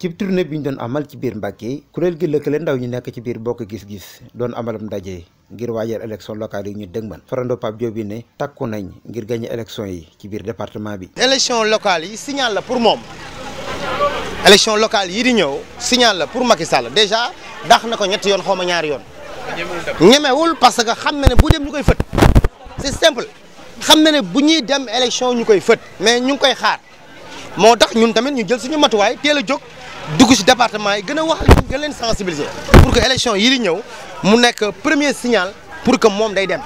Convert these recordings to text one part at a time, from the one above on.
ci tournée bi ñu doon amal ci biir Mbàkke kuréel gi lëkkale ndaw ñu nekk ci biir bokk gis-gis doon amalam ndaje ngir waajal élection locale yi ñu dëgmal farando Pape Diop bi ne takku nañ ngir gagné élection yi ci biir département bi. élection locale yi signal la pour moom élection locale yi di ñëw signal la pour Macky Sall déjà dax na ko ñetti yoon xaw ma ñaari yoon. ñemewul parce que xam na ne bu dem ñu koy fët c'est simple xam na ne bu ñuy dem élection ñu koy fët mais ñu ngi koy xaar moo tax ñun tamit ñu jël suñu matuwaay teel a jóg. dugg ci département yi gën a wax gën leen sensibiliser pour que élection yi di ñëw mu nekk premier signal pour que moom day dem.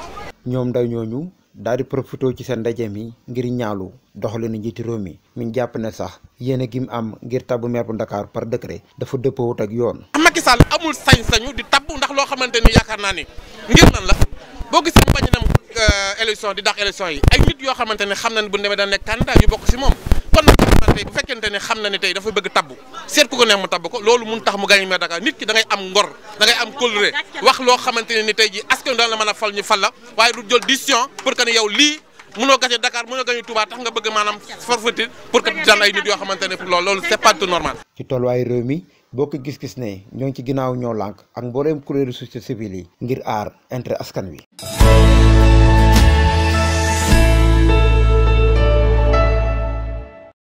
ñoom ndaw ñooñu daal di profité ci seen ndaje mi ngir ñaalu doxalinu njiitu réew mi ñu jàpp ne sax yéene gi mu am ngir tabbu maire bu Ndakaar par décret dafa dëppoowut ak yoon. Macky Sall amul sañ-sañu di tabb ndax loo xamante ni yaakaar naa ni ngir nan la boo gisee mu bañ a dem euh, élection di dax élection yi ay nit yoo xamante ne xa nañ bu ñu demee daan nekk bokk ci moom. kon nag man tey bu fekkente ne xam na ne tey dafa bëgg tabbu seet ku ko neex mu tabbu ko loolu mun tax mu gagné maire Dakar nit ki da ngay am ngor da ngay am kóllëre wax loo xamante ne ni tey ji askan daan la mën a fal ñu fal la waaye du jël décision pour que ne yow lii mënoo gagné Dakar mënoo gagné Touba tax nga bëgg maanaam forfaiture pour que daan ay nit yoo xamante ne pour loolu loolu c'est pas tout normal. ci tolluwaayu réew mi bokk gis-gis ne ngi ci ginnaaw ñoo lànk ak mbooleem kuréelu société civile ngir aar intérêt askan wi.